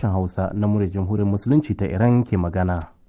sashen Hausa na murya Jamhuriyar Musulunci ta Iran ke magana.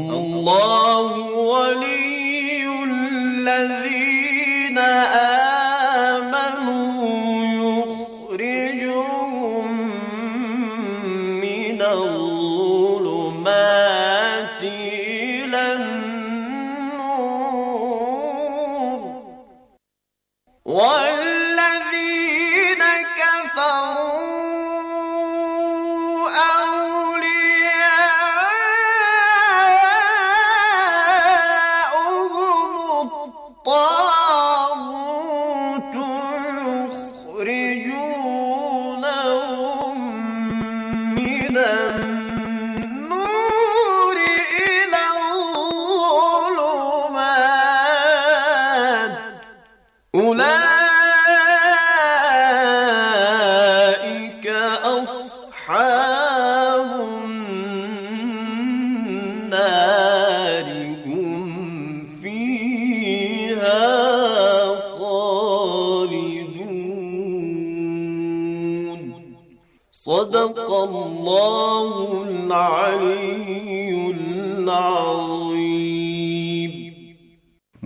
الله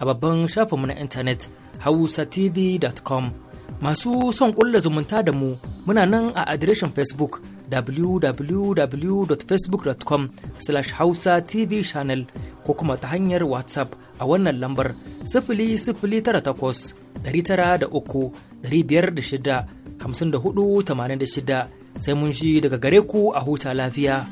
a babban shafinmu na intanet hausatv.com masu son ƙulla zumunta da mu muna nan a adireshin facebook www.facebook.com slash hausa tv channel ko kuma ta hanyar whatsapp a wannan lambar sifili sifili da takwas tara uku biyar shida hamsin da sai mun shi daga gare ku a huta lafiya.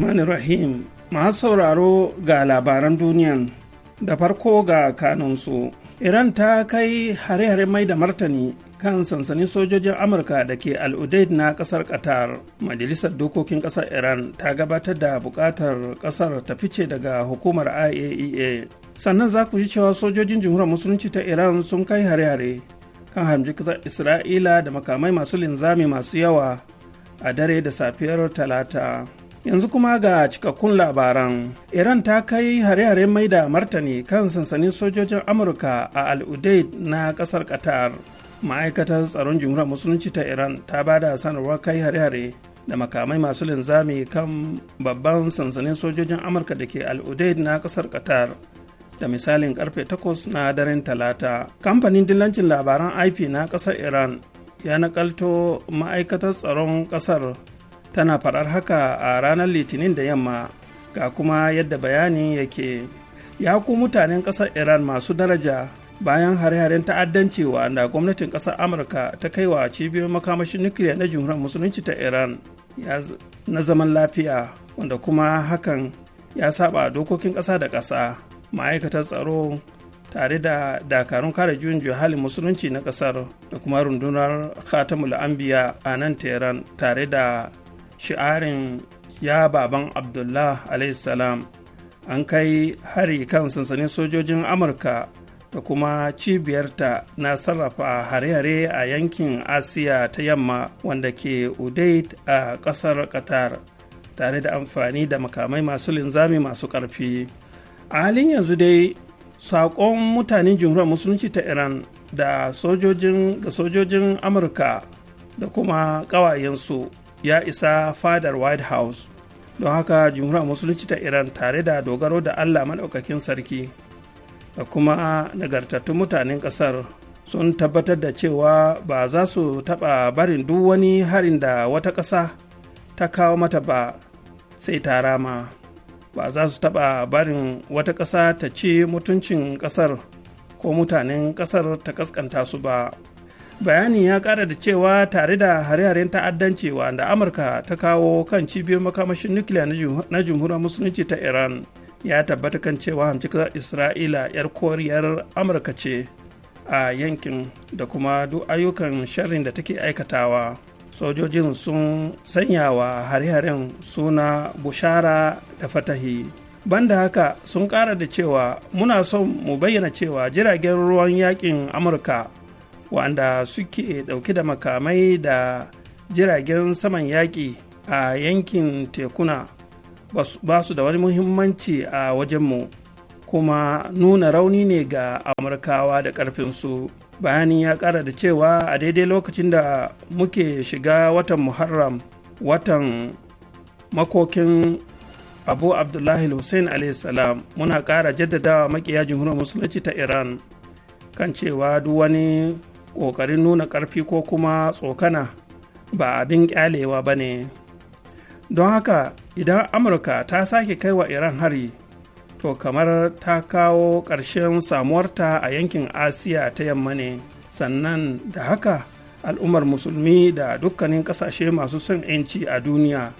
rahmanir rahim masu sauraro ga labaran duniyan da farko ga kanunsu iran ta kai hare-hare mai da martani kan sansanin sojojin amurka da ke al'udaid na kasar qatar majalisar dokokin kasar iran ta gabatar da bukatar kasar ta fice daga hukumar iaea e sannan za ku ji cewa sojojin jamhuriyar musulunci ta iran sun kai hare-hare kan hamji kasar isra'ila da makamai masu linzami masu yawa a dare da safiyar talata yanzu kuma ga cikakkun labaran iran ta kai hare-hare mai da martani kan sansanin sojojin amurka a al'udaid na kasar qatar ma'aikatar tsaron jumhuriyar musulunci ta iran ta ba da sanarwar kai hare-hare da makamai masu linzami kan babban sansanin sojojin amurka da ke al'udaid na kasar qatar da misalin karfe 8 na daren talata kamfanin dillancin labaran ip na kasar iran ya nakalto ma'aikatar tsaron kasar tana faɗar haka a ranar litinin da yamma ga kuma yadda bayanin yake ya ku mutanen ƙasar iran masu daraja bayan hare-haren ta'addanci wanda gwamnatin ƙasar amurka ta kai wa cibiyoyin makamashin nukiliya na jumhuriyar musulunci ta iran na zaman lafiya wanda kuma hakan ya saba dokokin ƙasa da ƙasa ma'aikatar tsaro tare da dakarun kare juyin halin musulunci na ƙasar da kuma rundunar khatamul anbiya a nan tare da shi'arin ya baban abdullah salam an kai hari kan sansanin sojojin amurka da kuma cibiyarta na sarrafa hare-hare a yankin asiya ta yamma wanda ke udait a ƙasar qatar tare da amfani da makamai masu linzami masu ƙarfi a halin yanzu dai saƙon mutanen jumhuriyar musulunci ta iran da sojojin ga sojojin amurka da kuma ƙawayensu ya isa fadar white house don haka jumhuriyar musulunci ta iran tare da dogaro da allah maɗaukakin sarki da kuma nagartattun mutanen ƙasar sun tabbatar da cewa ba za su taɓa barin duk wani harin da wata ƙasa ta kawo mata ba sai ta rama ba za su taɓa barin wata ƙasa ta ci mutuncin ƙasar ko mutanen ƙasar ta ƙasƙanta su ba bayanin ya kara da cewa tare da hare-haren ta'addanci wanda amurka ta kawo kan cibiyar makamashin nukiliya na jamhuriyar musulunci ta iran ya tabbata kan cewa hamcikar isra'ila 'yar koriyar amurka ce a yankin da kuma duk ayyukan sharrin da take aikatawa sojojin sun sanya wa hare-haren suna bushara da fatahi banda haka sun kara da cewa muna son mu bayyana cewa jiragen ruwan yakin amurka wanda suke ɗauke da makamai da jiragen saman yaƙi a yankin tekuna ba su da wani muhimmanci a wajenmu kuma nuna rauni ne ga amurkawa da ƙarfinsu bayanin ya ƙara da cewa a daidai lokacin da muke shiga watan muharram watan makokin abu abdullahi hussein salam muna ƙara jaddadawa makiya jamhuriyar musulunci ta iran kan cewa duk wani ƙoƙarin nuna ƙarfi ko kuma tsokana ba abin ƙyalewa ba ne don haka idan amurka ta sake kai wa iran hari to kamar ta kawo ƙarshen samuwarta a yankin asiya ta yamma ne sannan da haka al'ummar musulmi da dukkanin ƙasashe masu son 'yanci a duniya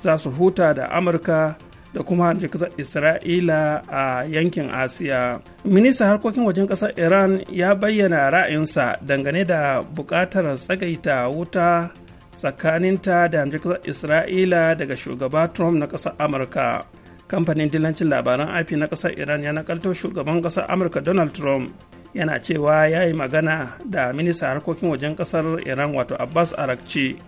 za su huta da amurka da kuma harjin kasar isra'ila a yankin asiya minista harkokin wajen kasar iran ya bayyana ra'ayinsa dangane da buƙatar tsagaita wuta tsakaninta da hamjin kasar isra'ila daga shugaba trump na kasar amurka kamfanin dilancin labaran ip na kasar iran ya nakalto shugaban kasar amurka donald trump yana cewa ya yi magana da minista harkokin wajen kasar iran wato abbas arakci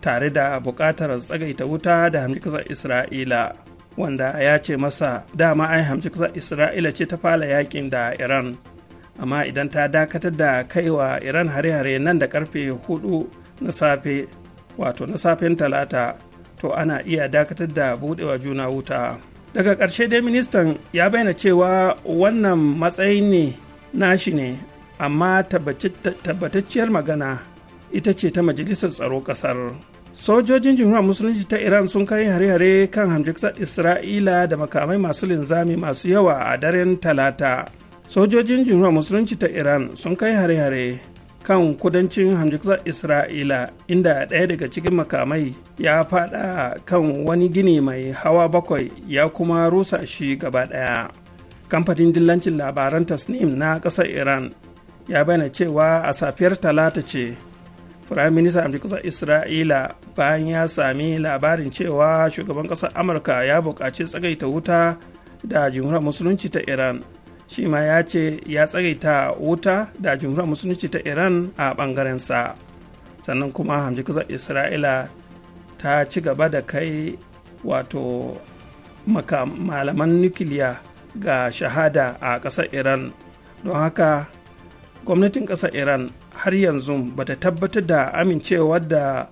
tare da bukatar tsagaita wuta da hamjin kasar isra'ila wanda ya ce masa dama ai hamci kusa isra'ila ce ta fara yakin da iran amma idan ta dakatar da kaiwa iran hare-hare nan da karfe huɗu na safe wato na safen talata to ana iya dakatar da budewa juna wuta daga ƙarshe dai ministan ya bayyana cewa wannan matsayi ne nashi ne amma tabbatacciyar magana ita ce ta majalisar tsaro ƙasar. sojojin jimhuriyar musulunci ta iran sun kai hare-hare kan hamjiksar isra'ila da makamai masu linzami masu yawa a daren talata sojojin jimhuriyar musulunci ta iran sun kai hare-hare kan kudancin hamjiksar isra'ila inda ɗaya daga cikin makamai ya fada kan wani gini mai hawa bakwai ya kuma rusa shi gaba ɗaya kamfanin dillancin labaran tasnim na ƙasar iran ya bayyana cewa a safiyar talata ce firayim minista amshi kusa isra'ila bayan ya sami labarin cewa shugaban kasar amurka ya buƙaci tsagaita wuta da jimhuriyar musulunci ta iran shi ma ya ce ya tsagaita wuta da jimhuriyar musulunci ta iran a ɓangarensa sannan kuma hamji kasar isra'ila ta ci gaba da kai wato malaman nukiliya ga shahada a ƙasar iran don haka gwamnatin ƙasar iran har yanzu ba ta tabbatar da amincewa da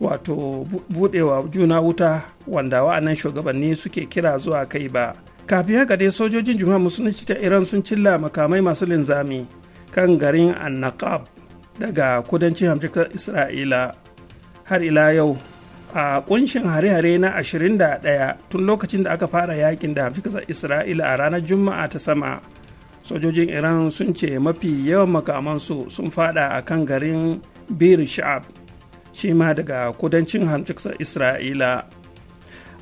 wato budewa juna wuta wanda wa'annan shugabanni suke kira zuwa kai ba kafin haka dai sojojin juma'a musulunci ta iran sun cilla makamai masu linzami kan garin annaqab daga kudancin hamjikar isra'ila har ila yau a kunshin hare-hare na 21 tun lokacin da aka fara yakin da hamjikar isra'ila a ranar juma'a ta sama sojojin iran sun ce mafi yawan makamansu sun fada a kan garin bir sha'ab shi ma daga kudancin hamshiksar isra'ila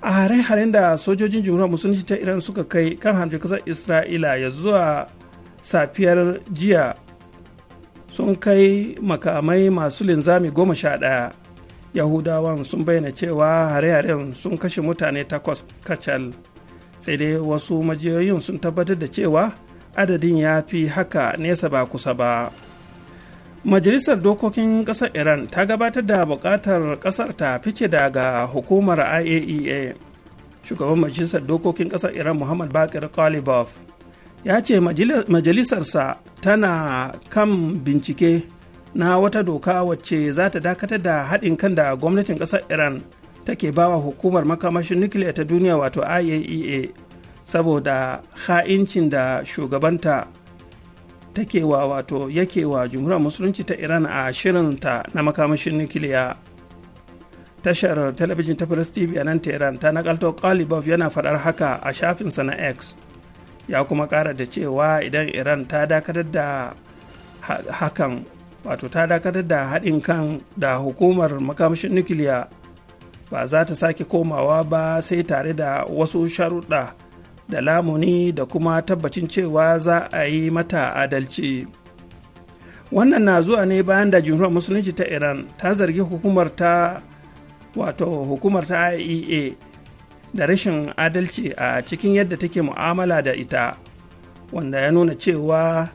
a harin-harin da sojojin jumhuriyar musulunci ta iran suka kai kan hamshiksar isra'ila ya zuwa safiyar jiya sun kai makamai masu linzami goma sha ɗaya yahudawan sun bayyana cewa hare-haren sun kashe mutane takwas kacal sai dai wasu majiyoyin sun tabbatar da cewa adadin ya fi haka nesa ba kusa ba majalisar dokokin ƙasar iran ta gabatar da buƙatar ƙasar ta fice daga hukumar iaea e shugaban majalisar dokokin ƙasar iran muhammad bakir kalibov ya ce majalisarsa tana kan bincike na wata doka wacce za ta dakatar da haɗin kan da gwamnatin ƙasar iran take bawa hukumar makamashin nukiliya ta duniya wato iaea e saboda ha'incin da shugabanta take wa wato yake wa jumhuriyar musulunci ta iran a shirinta na makamashin nukiliya tashar talabijin ta press tv a nan ta nakalto kalibov yana faɗar haka a shafinsa na x ya kuma ƙara da cewa idan iran ta dakatar da hakan wato ta dakatar da haɗin kan da hukumar makamashin nukiliya ba za ta sake komawa ba sai tare da wasu sharuɗa da lamuni da kuma tabbacin cewa za a yi mata adalci wannan na zuwa ne bayan da jumhuriyar musulunci ta iran ta zargi hukumar ta wato hukumar ta iea da rashin adalci a cikin yadda take mu'amala da ita wanda ya nuna cewa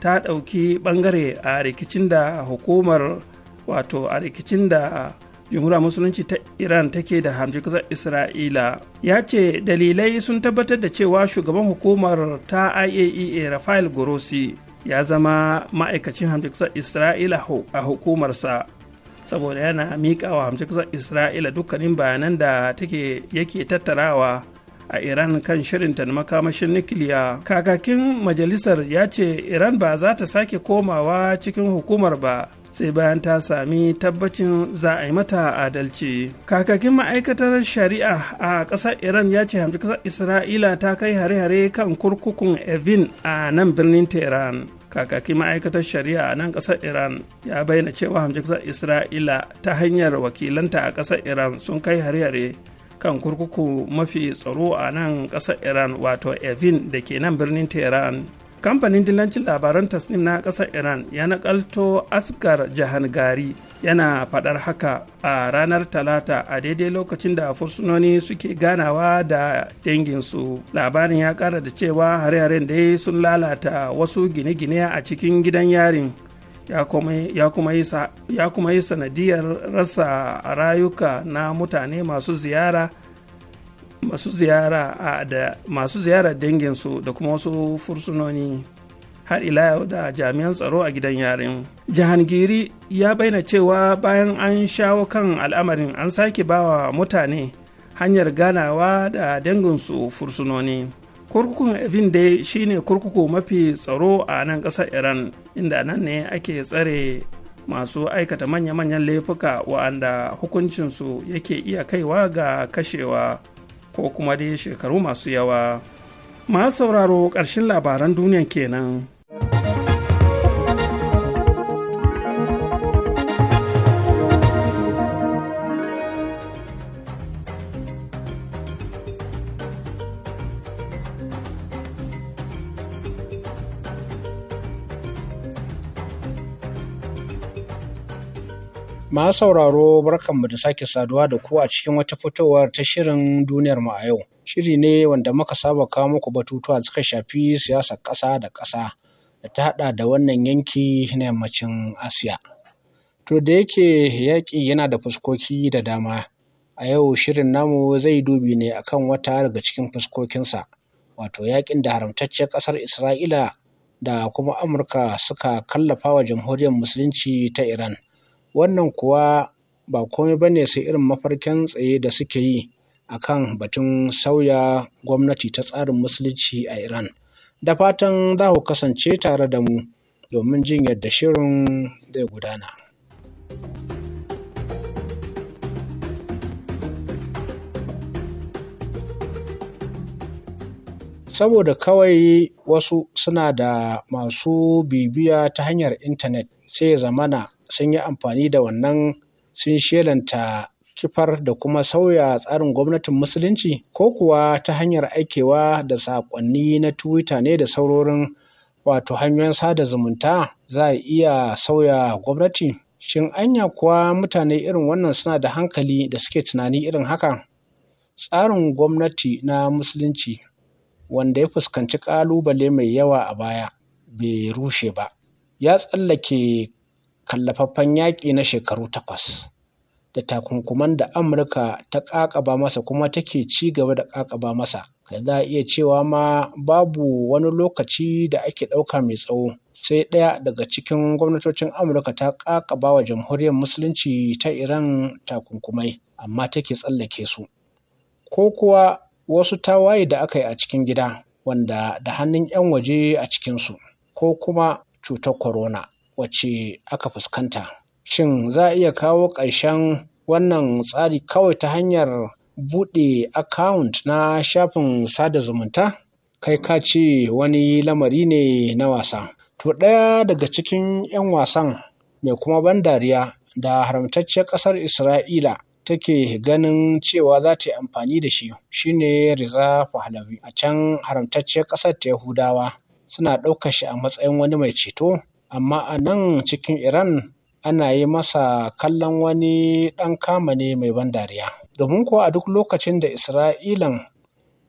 ta ɗauki ɓangare a rikicin da hukumar wato a rikicin da jumhuriyar musulunci ta iran take da hamji kasar isra'ila ya ce dalilai sun tabbatar da cewa shugaban hukumar ta iaea e rafael gorosi ya zama ma'aikacin hamji kasar isra'ila a hukumarsa saboda yana miƙa wa hamji isra'ila dukkanin bayanan da take yake tattarawa a iran kan shirinta na makamashin nukiliya kakakin majalisar ya ce iran ba za ta sake komawa cikin hukumar ba sai bayan ta sami tabbacin za a yi mata adalci kakakin ma'aikatar shari'a a ƙasar iran ya ce hamsin ƙasar isra'ila ta kai hare-hare kan kurkukun evin a nan birnin tehran kakakin ma'aikatar shari'a a nan ƙasar iran ya bayyana cewa hamsin ƙasar isra'ila ta hanyar wakilanta a ƙasar iran sun kai hare-hare kan kurkuku mafi tsaro a nan ƙasar iran wato evin da ke nan birnin tehran kamfanin dillancin labaran tasnim na ƙasar iran ya nakalto asgar jahangari yana faɗar haka a ranar talata a daidai lokacin da fursunoni suke ganawa da danginsu labarin ya ƙara da cewa hare-haren dai sun lalata wasu gine-gine a cikin gidan yarin ya kuma yi sanadiyar rasa rayuka na mutane masu ziyara masu ziyara da masu ziyara danginsu da kuma wasu fursunoni har ila yau da jami'an tsaro a gidan yarin jahangiri ya bayyana cewa bayan an shawo kan al'amarin an sake bawa mutane hanyar ganawa da danginsu fursunoni kurkukun evin dai shine kurkuku mafi tsaro a nan ƙasar iran inda nan ne ake tsare masu aikata manya-manyan laifuka wa'anda hukuncinsu yake iya kaiwa ga kashewa ko kuma dai shekaru masu yawa. Ma sauraro ƙarshen labaran duniya kenan. Ma sauraro barkanmu da sake saduwa da ku a cikin wata fitowar ta shirin duniyar mu a yau. Shiri ne wanda muka saba kawo muku batutuwa suka shafi siyasar ƙasa da ƙasa da ta haɗa da wannan yanki na yammacin Asiya. To da yake yaƙi yana da fuskoki da dama, a yau shirin namu zai dubi ne akan wata daga cikin fuskokinsa, wato yaƙin da haramtacciyar ƙasar Isra'ila da kuma Amurka suka kallafa wa jamhuriyar Musulunci ta Iran. Wannan kuwa ba komai ba ne sai irin mafarkin tsaye da suke yi a kan batun sauya gwamnati ta tsarin musulunci a Iran. Da fatan za ku kasance tare da mu domin jin yadda shirin zai gudana. saboda kawai wasu suna da masu bibiya ta hanyar intanet sai zamana sun yi amfani da wannan sun shelanta kifar da kuma sauya tsarin gwamnatin musulunci ko kuwa ta hanyar aikewa da saƙonni na twitter ne da saurorin wato hanyoyin sada zumunta za a iya sauya gwamnati shin anya kuwa mutane irin wannan suna da hankali da suke tunani irin haka tsarin gwamnati na musulunci wanda ya fuskanci ƙalubale mai yawa a baya bai rushe ba ya tsallake kallafaffen yaƙi na shekaru takwas da takunkuman da amurka ta ƙaƙaba masa kuma take ci gaba da ƙaƙaba masa kai za a iya cewa ma babu wani lokaci da ake ɗauka mai tsawo sai ɗaya daga cikin gwamnatocin amurka ta ƙaƙaba wa jamhuriyar musulunci ta iran takunkumai amma take tsallake su ko kuwa wasu tawaye da aka yi a cikin gida wanda da hannun 'yan waje a cikinsu ko kuma cutar corona wacce aka fuskanta. Shin za a iya kawo ƙarshen wannan tsari kawai ta hanyar buɗe akawunt na shafin sada zumunta? Kai ka ce wani lamari ne na wasa. To ɗaya daga cikin 'yan wasan mai kuma ban dariya da haramtacciyar ƙasar Isra'ila take ganin cewa za ta yi amfani da shi shine Riza Pahlavi a can haramtacciyar ƙasar ta Yahudawa suna ɗaukar shi a matsayin wani mai ceto amma a nan cikin Iran ana yi masa kallon wani ɗan kama ne mai ban dariya. Domin kuwa a duk lokacin da Isra'ilan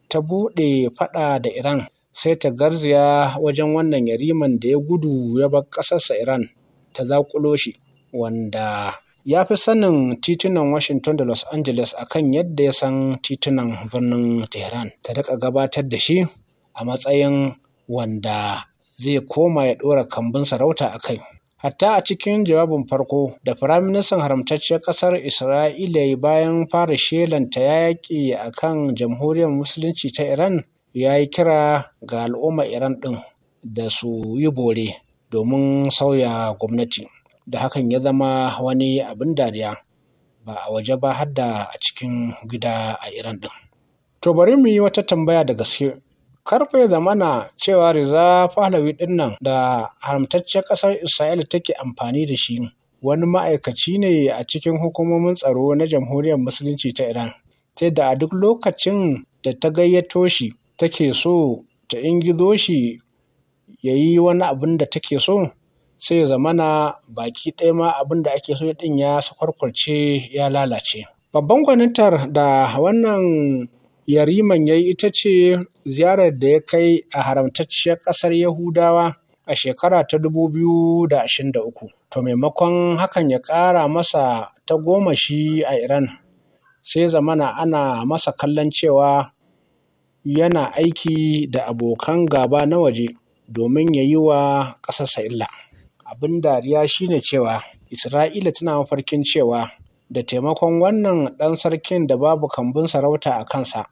ta buɗe faɗa da Iran sai ta garziya wajen wannan yariman da ya gudu ya bar ƙasarsa Iran ta zaƙulo shi wanda ya fi sanin titunan Washington da Los Angeles kan yadda ya san titunan birnin Tehran ta riƙa gabatar da shi a matsayin wanda zai koma ya ɗora kambun sarauta a kai. Hatta a cikin jawabin farko da Firaministan haramtacciyar ƙasar Isra'ila bayan fara shelanta yaƙi a kan jamhuriyar Musulunci ta Iran ya yi kira ga 'Al'umma Iran ɗin da su yi bore domin sauya gwamnati. Da hakan ya zama wani abin dariya ba a waje ba har da a cikin gida a Iran ɗin. To bari mu yi wata tambaya da gaske. karfe zamana cewa Riza fahlawi dinnan da haramtaccen ƙasar Isra'ila take amfani da shi wani ma'aikaci ne a cikin hukumomin tsaro na jamhuriyar musulunci ta Iran. sai da a duk lokacin da ta gayyato shi take so ta ingizo shi ya yi wani abin da take so sai zamana baki ɗaya ma abin da ake so ɗin ya sakwarkwarce ya lalace. Babban gwanitar da wannan Yariman ya yi ita ce ziyarar da ya kai a haramtacciyar ƙasar Yahudawa a shekara ta 2023. To maimakon hakan ya ƙara masa ta goma shi a Iran, sai zamana ana masa kallon cewa yana aiki da abokan gaba na waje domin ya yi wa ƙasarsa illa. Abin dariya shine cewa Isra'ila tana mafarkin cewa da taimakon wannan ɗan sarkin da babu kambun sarauta a kansa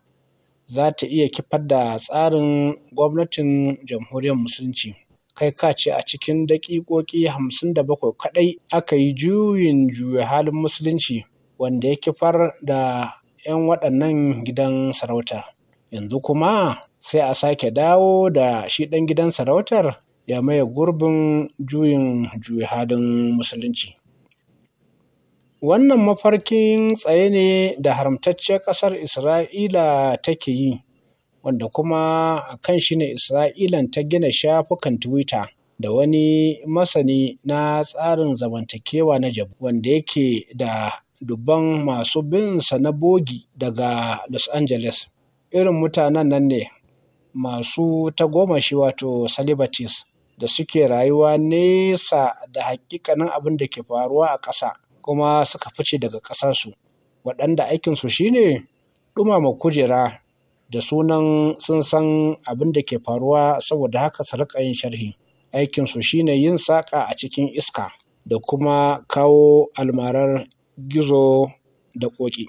za ta iya kifar da tsarin gwamnatin jamhuriyar musulunci kai ka ce a cikin daƙiƙoƙi hamsin da bakwai kaɗai aka yi juyin juya halin musulunci wanda ya kifar da 'yan waɗannan gidan sarauta, yanzu kuma sai a sake dawo da shi ɗan gidan sarautar ya maye gurbin juyin juya halin musulunci Wannan mafarkin tsaye ne da haramtacciyar ƙasar Isra'ila take yi, wanda kuma a kan shi ne Isra'ilan ta gina shafukan Twitter da wani masani na tsarin zamantakewa na Jabu, wanda yake da dubban masu binsa na bogi daga Los Angeles. Irin mutanen nan ne masu tagomashi wato celebrities da suke rayuwa nesa da hakikanin abin da ke faruwa a ƙasa. kuma suka fice daga ƙasarsu waɗanda aikinsu shine ɗumama kujera da sunan sun san abin da ke faruwa saboda haka su riƙa yin sharhi aikinsu shine yin saƙa a cikin iska da kuma kawo almarar gizo da ƙoƙi.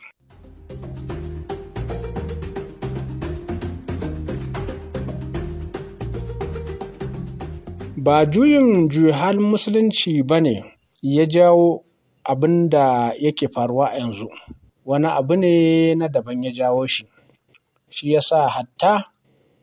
ba juyin Juhal musulunci ba ne ya jawo abin da yake faruwa a yanzu wani abu ne na daban ya jawo shi shi ya sa hatta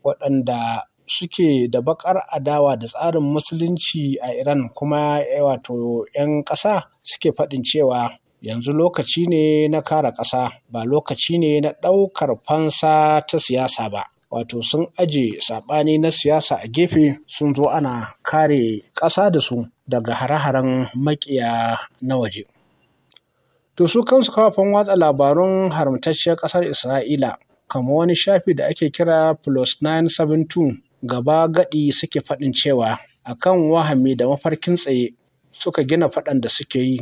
waɗanda suke da baƙar adawa da tsarin musulunci a iran kuma eh, wato 'yan ƙasa suke faɗin cewa yanzu lokaci ne na kara ƙasa ba lokaci ne na ɗaukar fansa ta siyasa ba wato sun aje saɓani na siyasa a gefe sun zo ana kare ƙasa da su daga hare-haren makiya na waje To su kansu kafafen watsa labarun haramtacciyar ƙasar Isra'ila, kama wani shafi da ake kira plus 972 gaba gadi suke faɗin cewa akan wahami da mafarkin tsaye suka gina faɗan da suke yi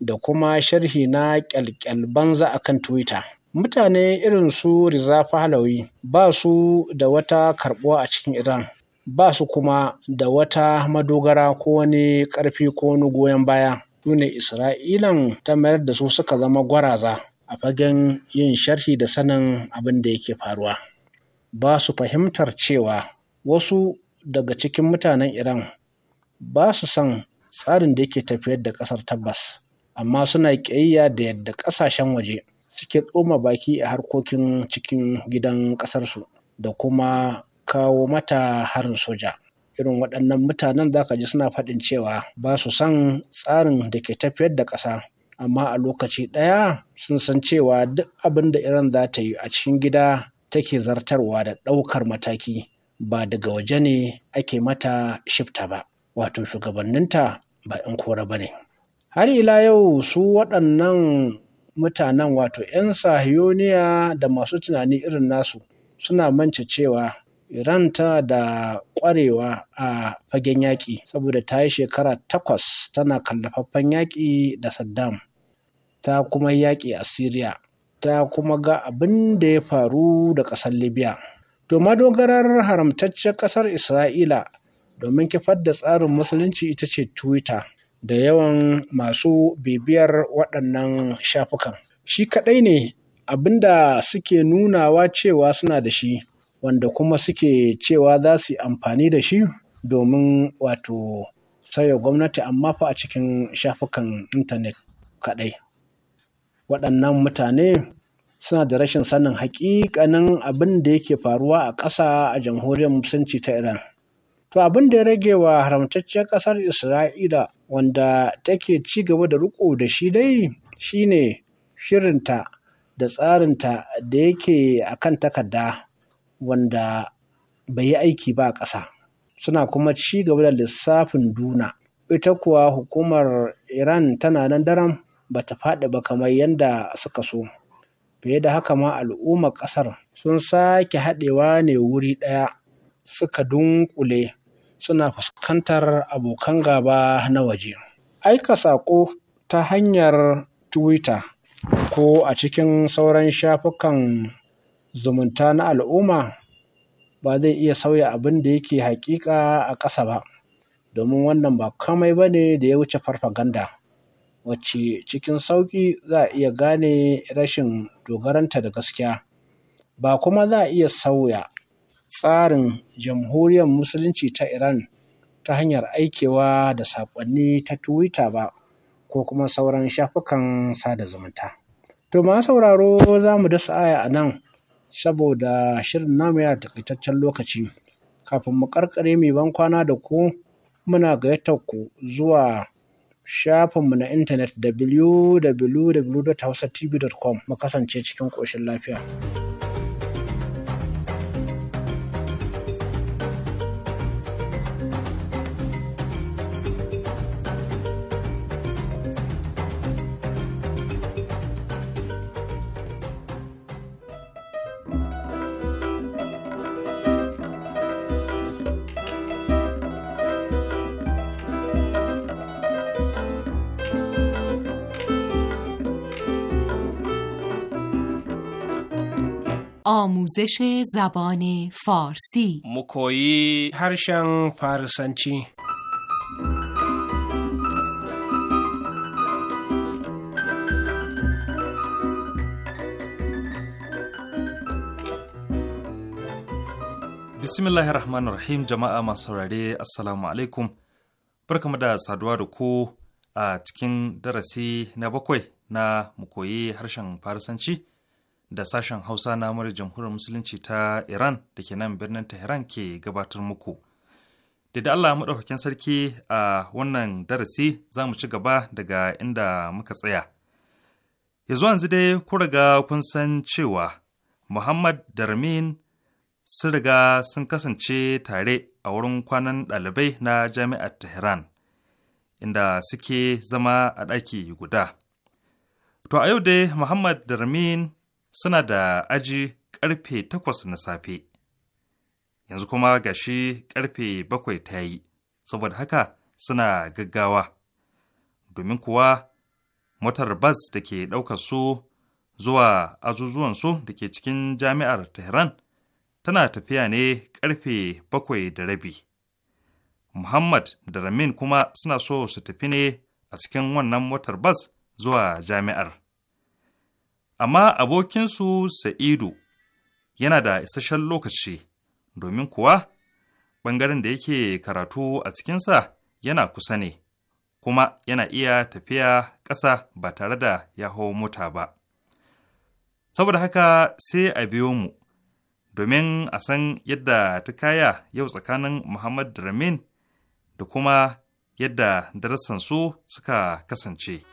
da kuma sharhi na ƙyalƙyal banza akan Twitter. Mutane irin su Riza Pahlawi ba su da wata karɓuwa a cikin Iran, ba su kuma da wata madogara ko wani ƙarfi ko wani goyon baya. su ne isra'ilan ta mayar da su suka zama gwaraza a fagen yin sharhi da sanin abin da yake faruwa ba su fahimtar cewa wasu daga cikin mutanen iran ba su san tsarin da yake tafiyar da ƙasar tabbas amma suna ƙiyayya da yadda ƙasashen waje suke tsoma baki a harkokin cikin gidan ƙasarsu da kuma kawo mata harin soja irin waɗannan mutanen za ka ji suna faɗin cewa ba su san tsarin da ke tafiyar da ƙasa amma a lokaci ɗaya sun san cewa duk abin da iran za ta yi a cikin gida take zartarwa da ɗaukar mataki ba daga waje ne ake mata shifta ba wato shugabanninta ba in kora ba ne har ila yau su waɗannan mutanen wato 'yan sahiyoniya da masu tunani irin nasu suna mance cewa Iran tana da ƙwarewa a fagen yaƙi saboda ta yi shekara takwas tana kallafaffen yaƙi da Saddam, ta kuma yaƙi a Siriya, ta kuma ga abin da ya faru da ƙasar Libya. To madogarar haramtaccen ƙasar Isra'ila domin kifar da tsarin musulunci ita ce Twitter da yawan masu bibiyar waɗannan shafukan. Shi kaɗai ne abin da suke nunawa cewa suna da shi. wanda kuma suke cewa za su yi amfani da shi domin wato sauya gwamnati amma fa a cikin shafukan intanet kaɗai. Waɗannan mutane suna da rashin sanin haƙiƙanin abin da yake faruwa a ƙasa a jamhuriyar musulunci ta Iran. To abin da ya rage wa haramtacciyar ƙasar Isra'ila wanda take ci gaba da riƙo da shi dai shine shirinta da tsarinta da yake kan takarda wanda bai yi aiki ba a ƙasa suna kuma ci gaba da lissafin duna ita kuwa hukumar iran tana nan daram ba ta faɗi ba kamar yadda suka so fiye da haka ma al'ummar ƙasar sun sake haɗewa ne wuri ɗaya suka dunƙule. suna fuskantar abokan gaba na waje aika saƙo ta hanyar twitter ko a cikin sauran shafukan zumunta na al'umma ba zai iya sauya abin da yake haƙiƙa a ƙasa ba domin wannan ba kamai ba ne da ya wuce farfaganda wacce cikin sauƙi za a iya gane rashin dogaranta da gaskiya ba kuma za a iya sauya tsarin jamhuriyar musulunci ta iran ta hanyar aikewa da saƙonni ta twitter ba ko kuma sauran shafukan sada zumunta to ma sauraro za mu dasa aya a nan saboda shirin namu yana takaitaccen lokaci. Kafin mu ƙarƙare mai ban kwana da ku muna gayyatar ku zuwa shafinmu na intanet www.hausatv.com mu kasance cikin ƙoshin lafiya. آموزش زبان فارسی مکویی هرشن فارسنچی Bismillahir Rahmanir Rahim jama'a masu saurare Assalamu alaikum. Barkamu da saduwa da ku a cikin darasi na bakwai na mu koyi harshen Farisanci da sashen Hausa na murar Jamhuriyar Musulunci ta Iran da ke nan birnin Tehran ke gabatar muku. Da da Allah maɗaukakin sarki a wannan darasi za mu ci gaba daga inda muka tsaya. Ya zuwa yanzu dai ku riga kun san cewa Muhammad Darmin sun riga sun kasance tare a wurin kwanan ɗalibai na Jami'ar Tehran, inda suke zama a ɗaki guda. To a yau dai Muhammad Darmin suna da aji ƙarfe takwas na safe. Yanzu kuma gashi ƙarfe bakwai ta yi, saboda haka suna gaggawa. Domin kuwa motar bas da ke ɗaukar su zuwa azuzuwansu da ke cikin jami'ar Tehran tana tafiya ne ƙarfe bakwai da rabi. Muhammad da Ramin kuma suna so su tafi ne a cikin wannan motar bas zuwa jami'ar. amma abokinsu Sa'idu yana da isasshen lokaci, domin kuwa ɓangaren da yake karatu a cikinsa yana kusa ne, kuma yana iya tafiya ƙasa ba tare da ya hau mota ba. Saboda haka sai a biyo mu, domin a san yadda ta kaya yau tsakanin Muhammad daramin Ramin da kuma yadda darasansu suka kasance.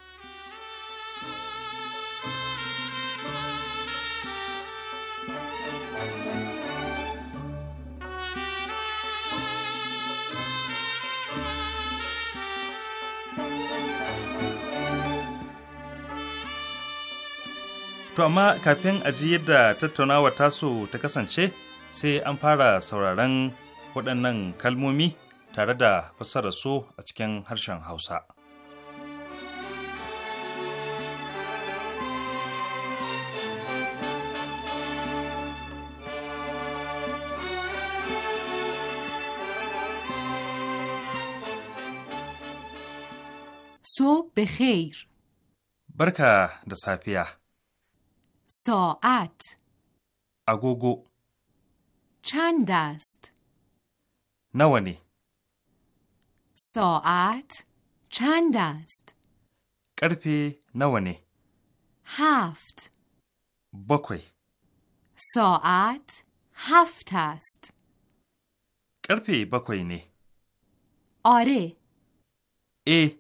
To amma kafin a ji yadda tattaunawa taso ta kasance sai an fara sauraron waɗannan kalmomi tare da fassara su a cikin harshen Hausa. صبح barka da safiya. ساعت اگوگو چند است؟ نوانی ساعت چند است؟ کرپی نوانی هفت بکوی ساعت هفت است کرپی بکوی نی آره ای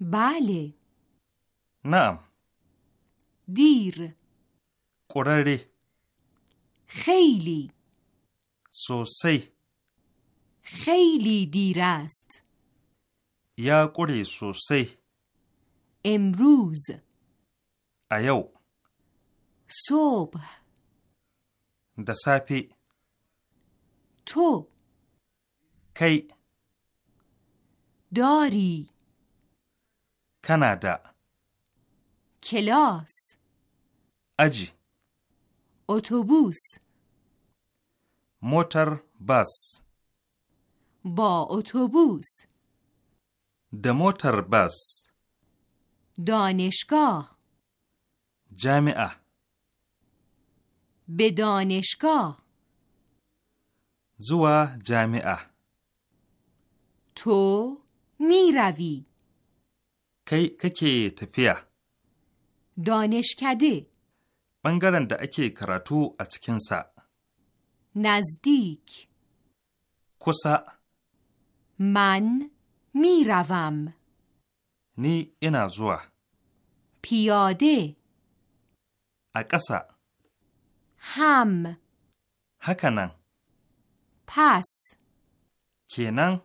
بله نام دیر ƙurare Khaili sosai Khaili dirast ya ƙure sosai Emruz a yau sob da safe to kai dori da. kilos aji اتوبوس موتر بس با اتوبوس د موتر بس دانشگاه جامعه به دانشگاه زوا جامعه تو می روی کی ککی تپیه دانشکده ɓangaren da ake karatu a cikinsa. Nazdik Kusa Man miravam Ni ina zuwa. Piyade A ƙasa. Ham Hakanan. Pas kenan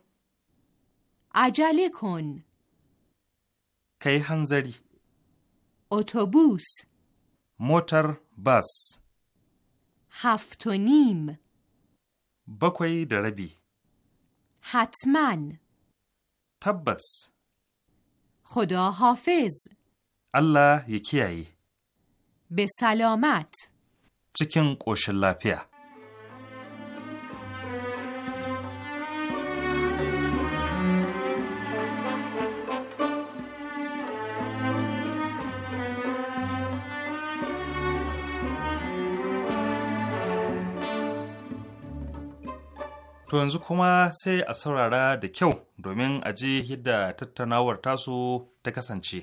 Ajalikon. kai hanzari otobus موتر بس هفت و نیم بکوی دربی حتما تبس خدا حافظ الله یکی به سلامت چکن قوش لپیه To yanzu kuma sai a saurara da kyau domin a ji yadda tattaunawar tasu ta kasance.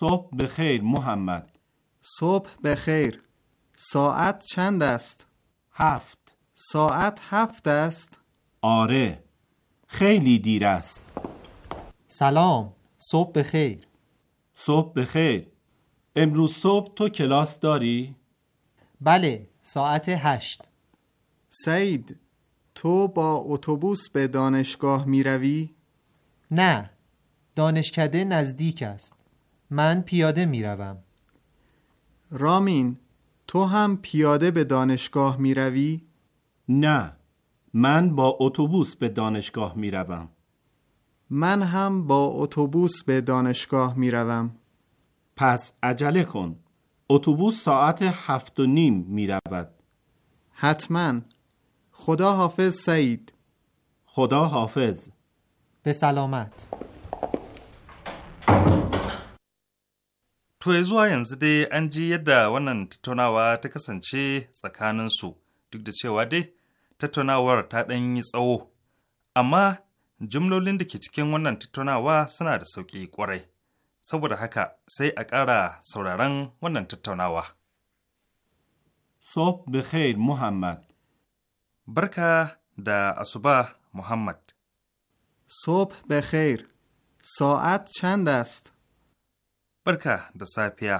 صبح بخیر محمد صبح بخیر ساعت چند است؟ هفت ساعت هفت است؟ آره خیلی دیر است سلام صبح بخیر صبح بخیر امروز صبح تو کلاس داری؟ بله ساعت هشت سعید تو با اتوبوس به دانشگاه می روی؟ نه دانشکده نزدیک است من پیاده می روم رامین تو هم پیاده به دانشگاه می روی؟ نه من با اتوبوس به دانشگاه می روم من هم با اتوبوس به دانشگاه می روم پس عجله کن اتوبوس ساعت هفت و نیم می رود. حتما خدا حافظ سعید خدا حافظ به سلامت To zuwa yanzu dai an ji yadda wannan tattaunawa ta kasance tsakaninsu duk da cewa dai tattaunawar ta ɗan yi tsawo, amma jimlolin da ke cikin wannan tattaunawa suna da sauƙi ƙwarai. saboda haka sai a ƙara sauraron wannan tattaunawa. Sof Bekhair Muhammad Barka da asuba Muhammad. Sof Bekhair, sa’ad chand ast? Barka da safiya.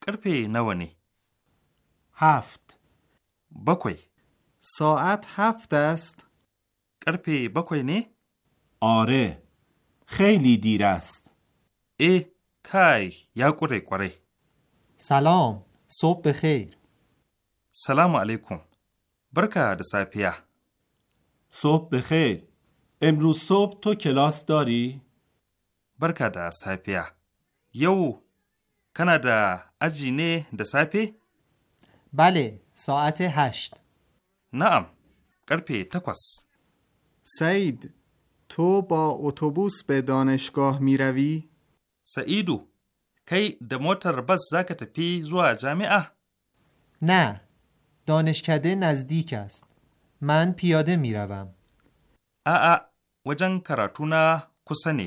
Ƙarfe nawa ne? Haft. Bakwai. Sa’ad haft ast? Ƙarfe bakwai ne? Are, خیلی دیر است. ای کای یا قره قره سلام صبح بخیر سلام علیکم برکه د سایپیا صبح بخیر امروز صبح تو کلاس داری؟ برکه د سایپیا یو کنا دا اجی نه د سایپی؟ بله ساعت هشت نعم قرپی تکوس سعید تو با اتوبوس به دانشگاه می روی؟ سعیدو کی د موتر بس زکه تفی زوا جامعه نه دانشکده نزدیک است من پیاده میروم اا وجن کراتونا کسنه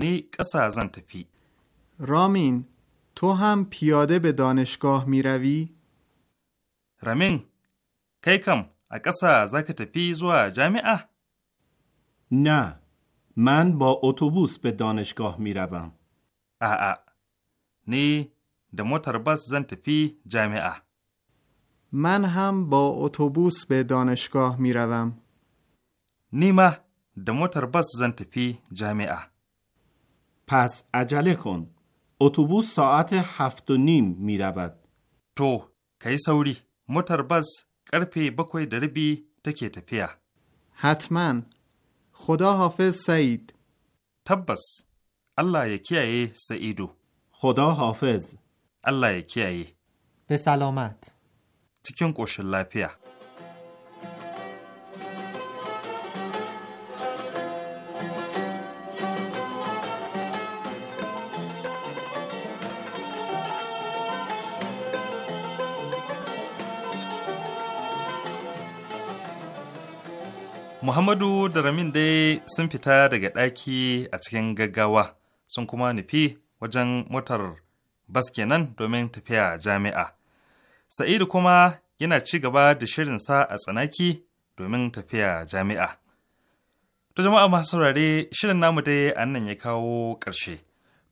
نی قسا زان تفی رامین تو هم پیاده به دانشگاه میروی رامین کی کم ا قسا زکه تفی زوا جامعه نه من با اتوبوس به دانشگاه میروم a'a ni da motar bas zan tafi jami'a من هم با اتوبوس به دانشگاه می روم. نیما د موتر بس زن تفی جامعه. پس عجله کن. اتوبوس ساعت هفت و نیم می رود. تو کی سوری موتر بس کرپی بکوی دربی تکی تفیه. حتما. خدا حافظ سعید. تبس. Allah ya kiyaye Sa'idu. Khuda Hafiz. Allah ya kiyaye. Be salamat. Cikin ƙoshin lafiya. Muhammadu da Ramin dai sun fita daga ɗaki a cikin gaggawa. sun kuma nufi wajen motar bas kenan domin tafiya jami'a. Sa'idu kuma yana ci gaba da shirinsa a tsanaki domin tafiya jami'a. To jama'a masu saurare shirin namu dai a nan ya kawo ƙarshe.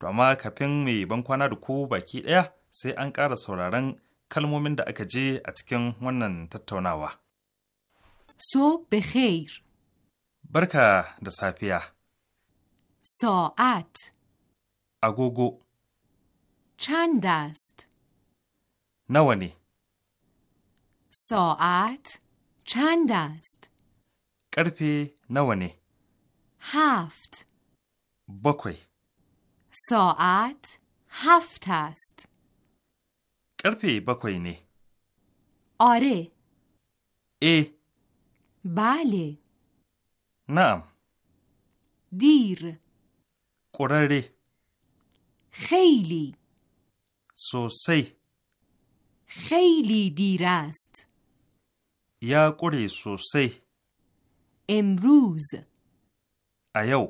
To amma kafin mai ban kwana da ku baki ɗaya sai an ƙara sauraron kalmomin da aka je a cikin wannan tattaunawa. So Barka da safiya. Sa'at. agogo چند است نوانی ساعت چند است کرپی نوانی هفت بکوی ساعت هفت است کرپی بکوی نی آره ای بله نام دیر قراره خیلی سوسی خیلی دیر است یا قره سوسی امروز ایو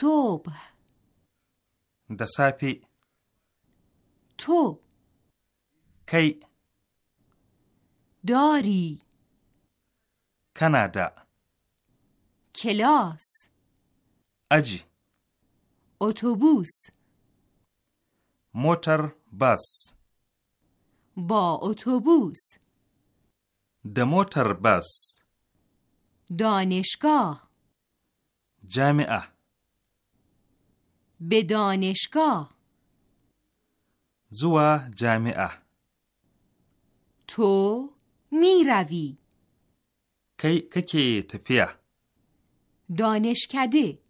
صبح د تو کی داری کانادا کلاس اجی اتوبوس موتر بس با اتوبوس د موتر بس دانشگاه جامعه به دانشگاه زوا جامعه تو می روی کی ککی تپیه دانشکده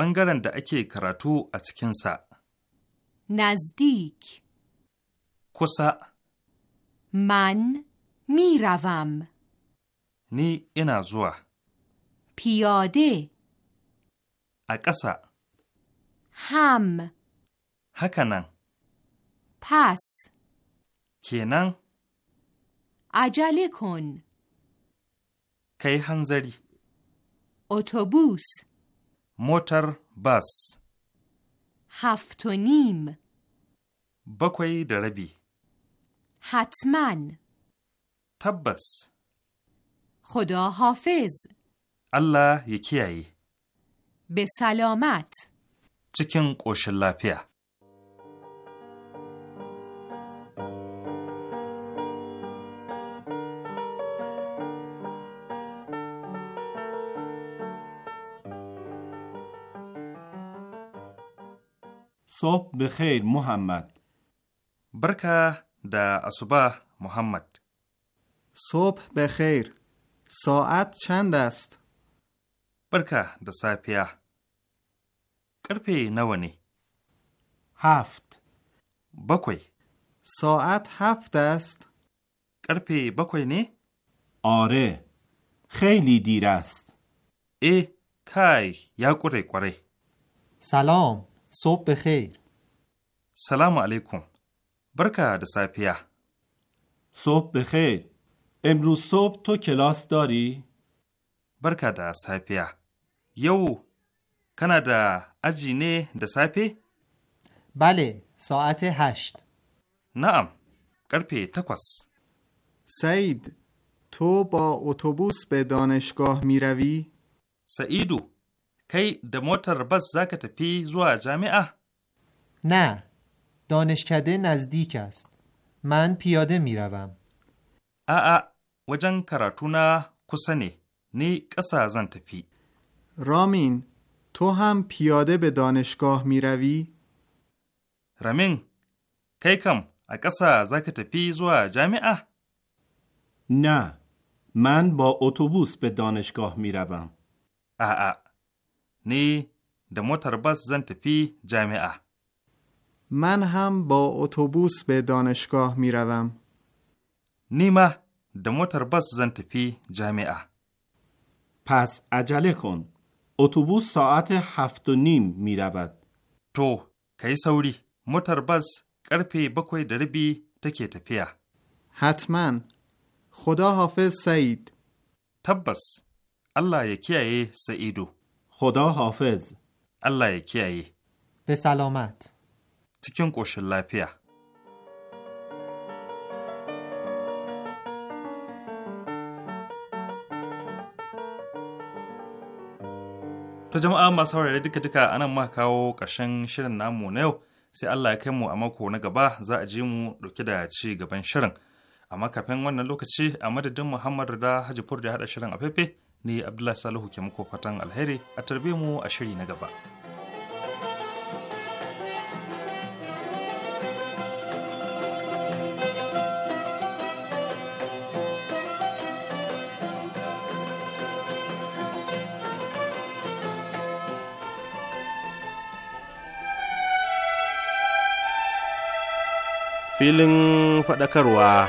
ɓangaren da ake karatu a cikinsa. Nazdik Kusa Man miravam Ni ina zuwa. Piyade A ƙasa Ham Hakanan Pas Kenan Ajalikon Kai hanzari Otobus. موتر بس هفت و نیم بکوی دربی حتما تبس خدا حافظ الله یکی ای به سلامت چکن قوش لپیه صبح بخیر محمد برکه دا اصبه محمد صبح بخیر ساعت چند است؟ برکه دا سایپیه کرپی نوانی هفت بکوی ساعت هفت است؟ کرپی بکوی نی؟ آره خیلی دیر است ای کای یا کوری کوری سلام صبح بخیر سلام علیکم برکه د سایپیا صبح بخیر امروز صبح تو کلاس داری؟ برکه د سایپیا یو کنه دا د سایپی؟ بله ساعت هشت نعم کرپی تکوس سعید تو با اتوبوس به دانشگاه می روی؟ سعیدو کی د موتر بس زاک پی زوا جامعه نه دانشکده نزدیک است من پیاده میروم ا وجن کراتونا کسنه نی قسا زن تپی رامین تو هم پیاده به دانشگاه میروی رامین کی کم ا قسا زاک تفی زوا جامعه نه من با اتوبوس به دانشگاه میروم ا نی د موتر بس زن تفی جامعه من هم با اتوبوس به دانشگاه می روم. نیمه د موتر بس زن تفی جامعه پس عجله کن. اتوبوس ساعت هفت و نیم می رود. تو کی سوری موتر بس کرپی بکوی دربی تکی تفیه. حتما. خدا حافظ سعید. تبس. الله یکیه سعیدو. خدا حافظ الله ya kiyaye. به سلامت cikin ƙoshin lafiya. Ta jama'a masu haurare duka-duka anan ma kawo ƙarshen shirin namu na yau sai Allah ya kai mu a mako na gaba za a ji mu ɗauki da ci gaban shirin. Amma kafin wannan lokaci a madadin Muhammadu da Hajifur da haɗa shirin a fefe ne abdullahi salihu ke muku fatan alheri a tarbe mu a shiri na gaba. filin faɗakarwa.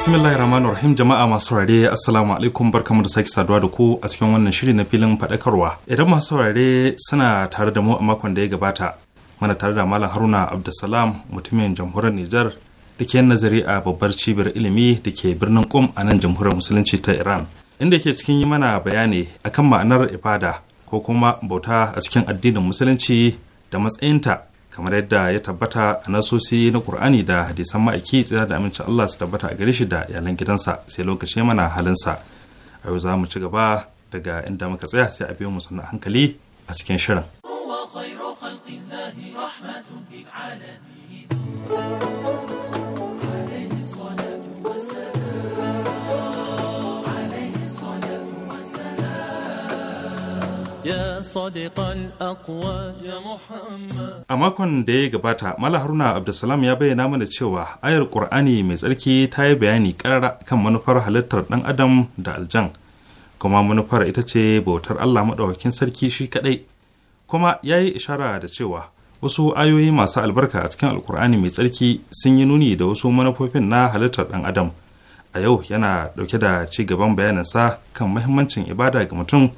bismillahir rahmanir rahim jama'a masu saurare assalamu alaikum barkamu da sake saduwa da ku a cikin wannan shiri na filin faɗakarwa idan masu saurare suna tare da mu a makon da ya gabata mana tare da malam haruna abdulsalam mutumin jamhuriyar nijar da ke nazari a babbar cibiyar ilimi da ke birnin kum a nan jamhuriyar musulunci ta iran inda ke cikin yi mana bayani akan ma'anar ibada ko kuma bauta a cikin addinin musulunci da matsayinta kamar yadda ya tabbata a nasosi na Kur'ani da hadisan ma'aiki tsira da amincin Allah su tabbata a gare shi da iyalan gidansa sai lokaci mana halinsa a yau za mu ci gaba daga inda muka tsaya sai a biyo mu sannan hankali a cikin shirin. Thank you. a makon da ya gabata mala haruna abdulsalam ya bayyana mana cewa ayar Kur'ani mai tsarki ta yi bayani karara kan manufar halittar dan adam da aljan kuma manufar ita ce bautar allah maɗaukakin sarki shi kaɗai kuma ya yi ishara da cewa wasu ayoyi masu albarka a cikin alkur'ani mai tsarki sun yi nuni da wasu manufofin na halittar ɗan adam a yau yana ɗauke da ci gaban bayaninsa kan mahimmancin ibada ga mutum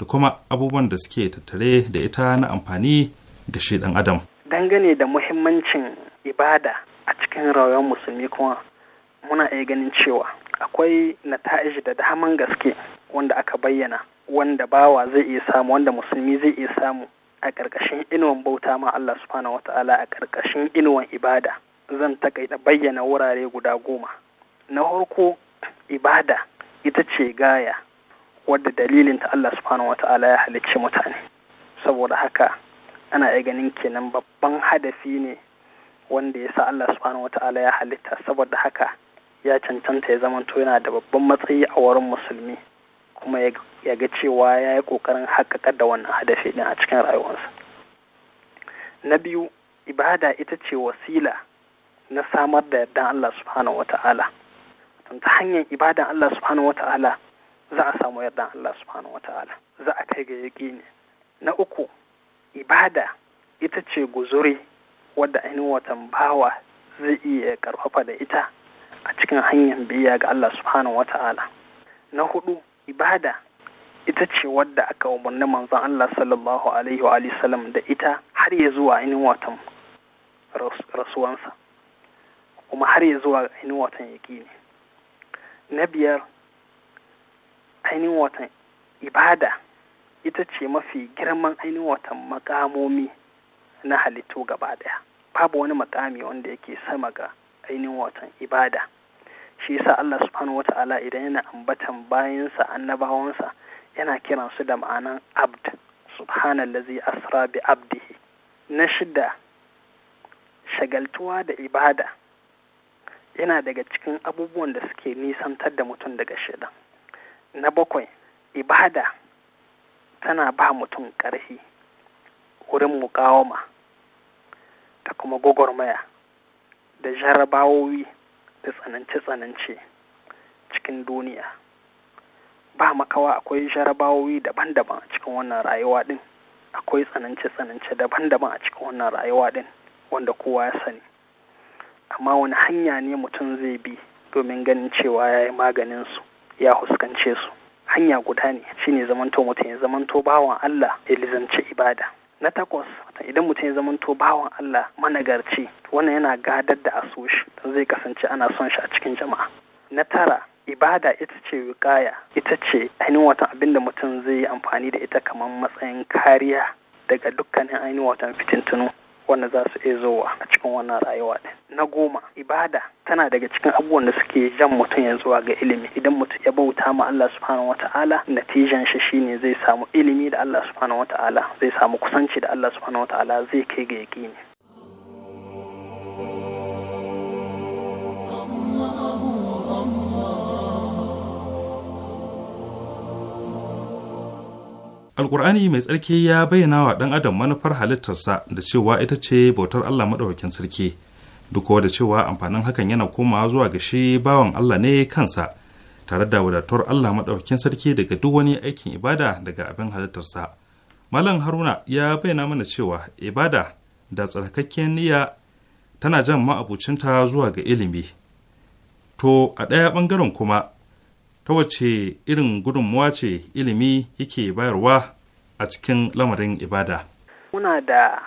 da kuma abubuwan da suke tattare da ita na amfani ga shi ɗan adam. Dangane da muhimmancin ibada a cikin rayuwar musulmi kuma muna iya ganin cewa akwai nata'ij da daman gaske wanda aka bayyana wanda bawa zai iya samu wanda musulmi zai iya samu a ƙarƙashin inuwan bauta ma Allah subhanahu wa a ƙarƙashin inuwan ibada zan takaita bayyana wurare guda goma na farko ibada ita ce gaya wadda dalilinta Allah subhanahu wata'ala ya halicci mutane saboda haka ana iya ganin kenan babban hadafi ne wanda ya sa Allah subhanahu wata'ala ya halitta saboda haka ya cancanta ya zamanto yana da babban matsayi a wurin musulmi kuma ya ga cewa ya yi ƙoƙarin haƙaƙa da wannan hadafi ɗin a cikin rayuwarsa na biyu ibada ita ce wasila na samar da yardan Allah subhanahu wata'ala ta hanyar ibadan Allah subhanahu wata'ala za a samu yardan Allah subhanahu ta'ala za a kai ga yaƙini na uku ibada ita ce guzuri wadda ainihin watan bawa zai iya karfafa da ita a cikin hanyar biyya ga Allah subhanahu ta'ala na hudu ibada ita ce wadda aka umarni manzon Allah sallallahu alaihi wa sallam da ita har ya zuwa ainihin watan rasuwansa kuma har ya zuwa ainihin watan yaƙini na biyar ainihin watan ibada ita ce mafi girman ainihin watan makamomi na halittu gaba ɗaya babu wani makami wanda yake sama ga ainihin watan ibada shi yasa Allah subhanahu ta'ala idan yana ambatan bayansa annabawansa yana kiran su da ma'anan abd subhanallazi asra bi abdihi na shida shagaltuwa da ibada yana daga cikin abubuwan da suke nisantar da mutum daga shaidan na bakwai ibada tana ba mutum ƙarfi wurin mukawama da kuma gwagwarmaya da jarabawowi da tsanance-tsanance cikin duniya ba makawa akwai jarabawowi daban-daban a cikin wannan rayuwa din akwai tsanance-tsanance daban-daban a cikin wannan rayuwa ɗin, wanda kowa ya sani amma wani hanya ne mutum zai bi domin ganin cewa ya yi maganinsu ya huskance su hanya guda ne shine zamanto mutum ya zamanto bawan Allah ya lizance ibada na takwas idan mutum ya zamanto bawan Allah managarci wannan yana gadar da asoshi zai kasance ana son shi a cikin jama'a na tara ibada ita ce wikaya ita ce ainihin watan abin da mutum zai yi amfani da ita kamar matsayin kariya daga dukkanin ainihin watan fitintunu wanda za su iya zowa a cikin wannan rayuwa ɗin na goma ibada tana daga cikin abubuwan da suke jan mutum ya zuwa ga ilimi idan mutum ya bauta ma Allah subhanahu wataala natijan shi shine zai samu ilimi da Allah subhanahu wataala zai samu kusanci da Allah subhanahu wataala zai kai ga yaqini Alƙur'ani mai tsarki ya bayyana wa ɗan adam manufar halittarsa da cewa ita ce bautar allah maɗaukakin sarki duk da cewa amfanin hakan yana komawa zuwa ga shi bawan Allah ne kansa tare da wadatar Allah maɗaukakin sarki daga duk wani aikin ibada daga abin halittarsa. Malam Haruna ya bayyana mana cewa ibada da tsarkakken niyya tana jan ma'abucinta zuwa ga ilimi. To a ɗaya ɓangaren kuma ta wace irin gudunmuwa ce ilimi yake bayarwa a cikin lamarin ibada. Muna da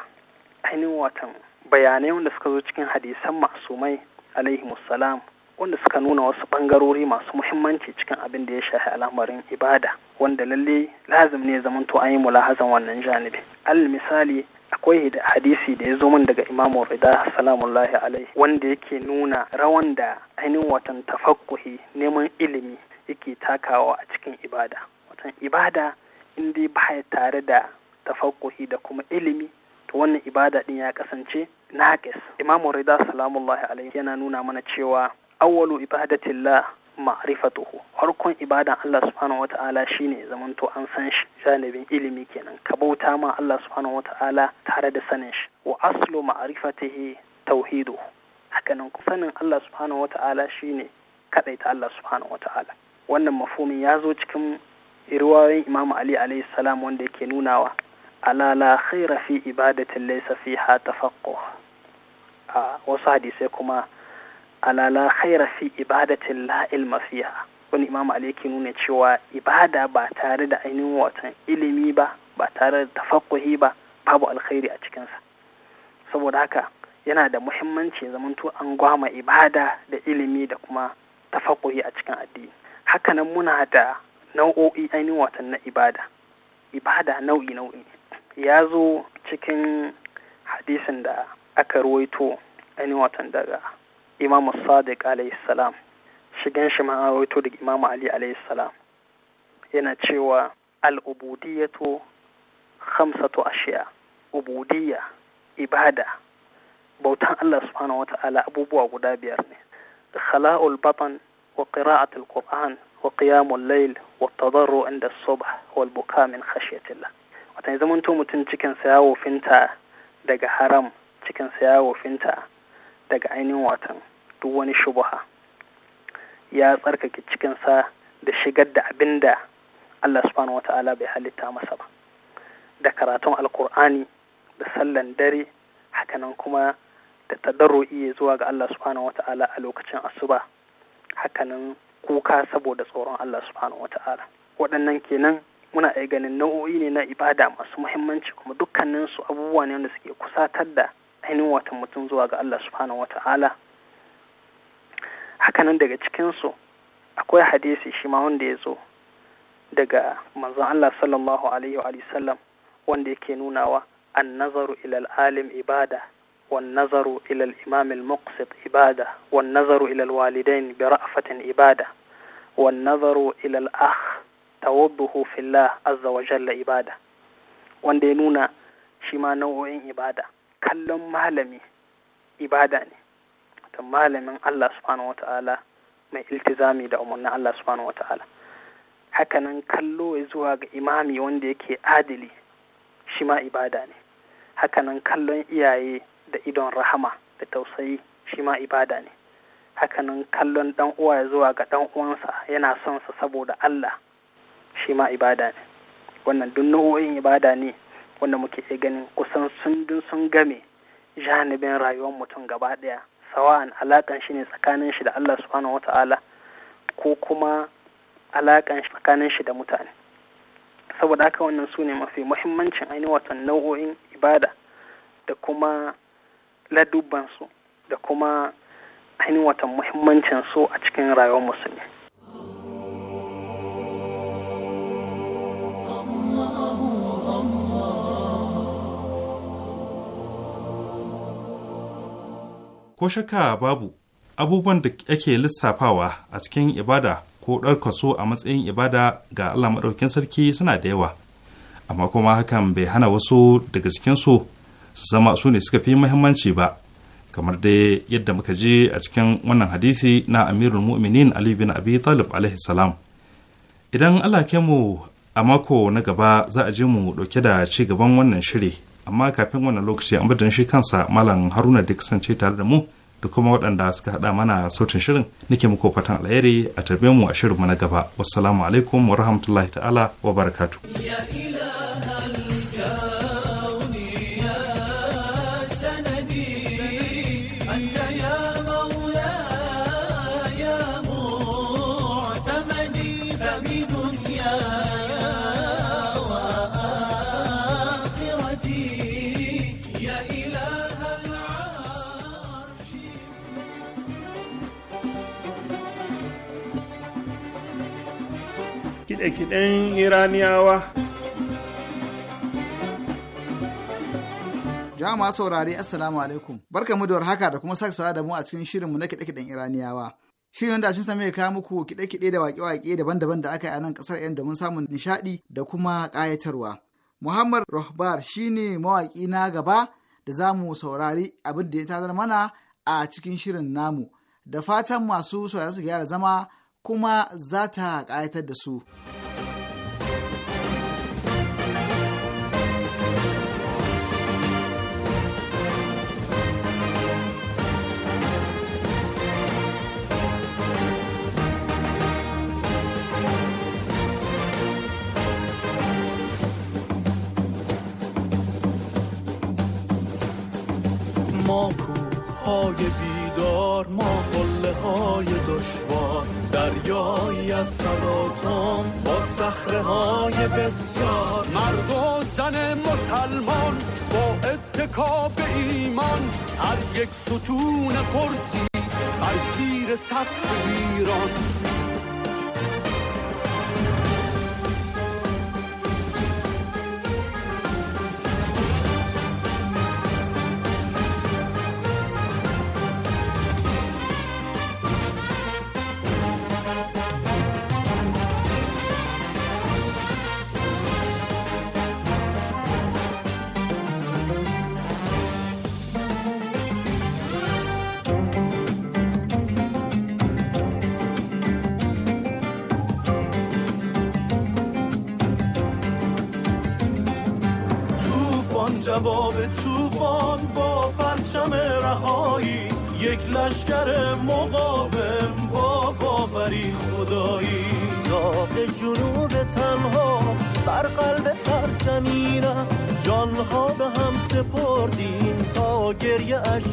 ainihin watan bayanai wanda suka zo cikin hadisan masumai alaihi musalam wanda suka nuna wasu bangarori masu muhimmanci cikin abin da ya shafi al'amarin ibada wanda lalle lazim ne zamanto an yi mulahazan wannan janibi al misali akwai hadisi da ya zo min daga imamu rida salamullahi alaihi wanda yake nuna rawan da ainihin watan tafakkuhi neman ilimi yake takawa a cikin ibada watan ibada in dai ba tare da tafakkuhi da kuma ilimi to wannan ibada din ya kasance naqis imamu rida salamullahi alaihi yana nuna mana cewa awwalu ibadatillah ma'rifatuhu farkon ibadan Allah subhanahu wata'ala shine zamanto an san shi janibin ilimi kenan ka bauta ma Allah subhanahu wata'ala tare da sanin shi wa aslu ma'rifatihi tauhidu hakanan sanin Allah subhanahu wata'ala shine kadaita Allah subhanahu wata'ala wannan mafhumin ya zo cikin riwayoyin Imam Ali salam wanda yake nunawa ala la khaira fi ibadatin laysa fiha tafaqquh a wasu hadisai kuma ala la khaira fi ibadatin la ilma fiha wani imam ali yake nuna cewa ibada ba tare da ainihin watan ilimi ba ba tare da tafaqquhi ba babu alkhairi a cikinsa saboda haka yana da muhimmanci zamanto an gwama ibada da ilimi da kuma tafaqquhi a cikin addini hakanan muna da nau'o'i ainihin watan na ibada ibada nau'i nau'i ya zo cikin hadisin da aka ruwaito ainihin watan daga Imam sadiq alayhi salam shigan shi ma rawaito daga Imam ali alayhi salam yana cewa al'ubudiyatu khamsatu ashiya ubudiyya ibada bautan Allah subhanahu wa ta'ala abubuwa guda biyar ne khala'ul batan wa qira'atul qur'an wa qiyamul layl wa tadarru inda subh wal buka min khashyatillah wata zumunta mutum cikinsa ya wofinta daga haram cikinsa ya wofinta daga ainihin watan duk wani shubuha ya tsarkake cikinsa da shigar da abin da Allah subhanahu wa bai halitta masa ba da karatun alkur'ani da sallan dare hakanan kuma da iya zuwa ga Allah subhanahu wa a lokacin asuba hakanan kuka saboda tsoron Allah subhanahu wa waɗannan kenan muna iya ganin nau'o'i ne na ibada masu muhimmanci kuma dukkaninsu abubuwa ne wanda suke kusatar da ainihin watan mutum zuwa ga Allah subhanahu wa ta'ala hakanan daga cikinsu akwai hadisi shi ma wanda ya zo daga manzon Allah sallallahu alaihi wa sallam wanda yake nunawa an nazaru ilal alim ibada wan nazaru wan nazaru ila al-walidain bi ra'fatin ibada wan nazaru ila al-akh tawabbuhu fillah azza wa jalla ibada wanda ya nuna shi ma nau'o'in ibada kallon malami ibada ne ta malamin Allah subhanahu wa ta'ala mai iltizami da umarnin Allah subhanahu wa ta'ala hakanan kallo zuwa ga imami wanda yake adili shi ma ibada ne hakanan kallon iyaye da idon rahama da tausayi shi ma ibada ne hakanan kallon dan uwa zuwa ga dan uwansa yana son sa saboda Allah shi ma ibada ne wannan duk nau'o'in ibada ne wanda muke iya ganin kusan sun dun sun game janibin rayuwar mutum gaba ɗaya sawa'an alakan shi ne tsakanin shi da Allah subhanahu wata'ala ko kuma alaƙan shi tsakanin shi da mutane saboda haka wannan su ne mafi muhimmancin ainihin watan nau'o'in ibada da kuma ladubbansu da kuma ainihin watan muhimmancin su a cikin rayuwar musulmi ko shaka babu abubuwan da ake lissafawa a cikin ibada ko ɗauka so a matsayin ibada ga Allah maɗaukin sarki suna da yawa amma kuma hakan bai hana wasu daga cikinsu su zama su ne suka fi muhimmanci ba kamar dai yadda muka ji a cikin wannan hadisi na amirul mu'minin ali bin abi talib alaihi salam idan Allah mu a mako na gaba za a je mu ɗauke da ci gaban wannan shiri amma kafin wannan lokaci an bada shi kansa malam haruna da kasance tare da mu da kuma waɗanda suka haɗa mana sautin shirin nake muku fatan alheri a tarbe mu a shirinmu na gaba wassalamu alaikum wa rahmatullahi ta'ala wa barakatu. kiɗe iraniyawa jama'a saurari assalamu alaikum barka mu da warhaka da kuma sake da mu a cikin shirinmu na kiɗe-kiɗen iraniyawa shirin wanda cin ya kawo muku kiɗe-kiɗe da waƙe-waƙe daban-daban da aka yi a nan ƙasar yan domin samun nishaɗi da kuma ƙayatarwa muhammad rohbar shine mawaƙi na gaba da za mu saurari abin da ya tazar mana a cikin shirin namu da fatan masu saurari su gyara zama kuma za ta ƙayatar da su. ما های بیدار ما قله های دشوار دریایی از تلاطم با صخره های بسیار مرد و زن مسلمان با اتکاب ایمان هر یک ستون پرسی بر زیر سطح ایران جواب توفان با پرچم رهایی یک لشکر مقاوم با باوری خدایی داغ جنوب تنها بر قلب سرزمینم جانها به هم سپردین تا گریه اش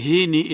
Hii ni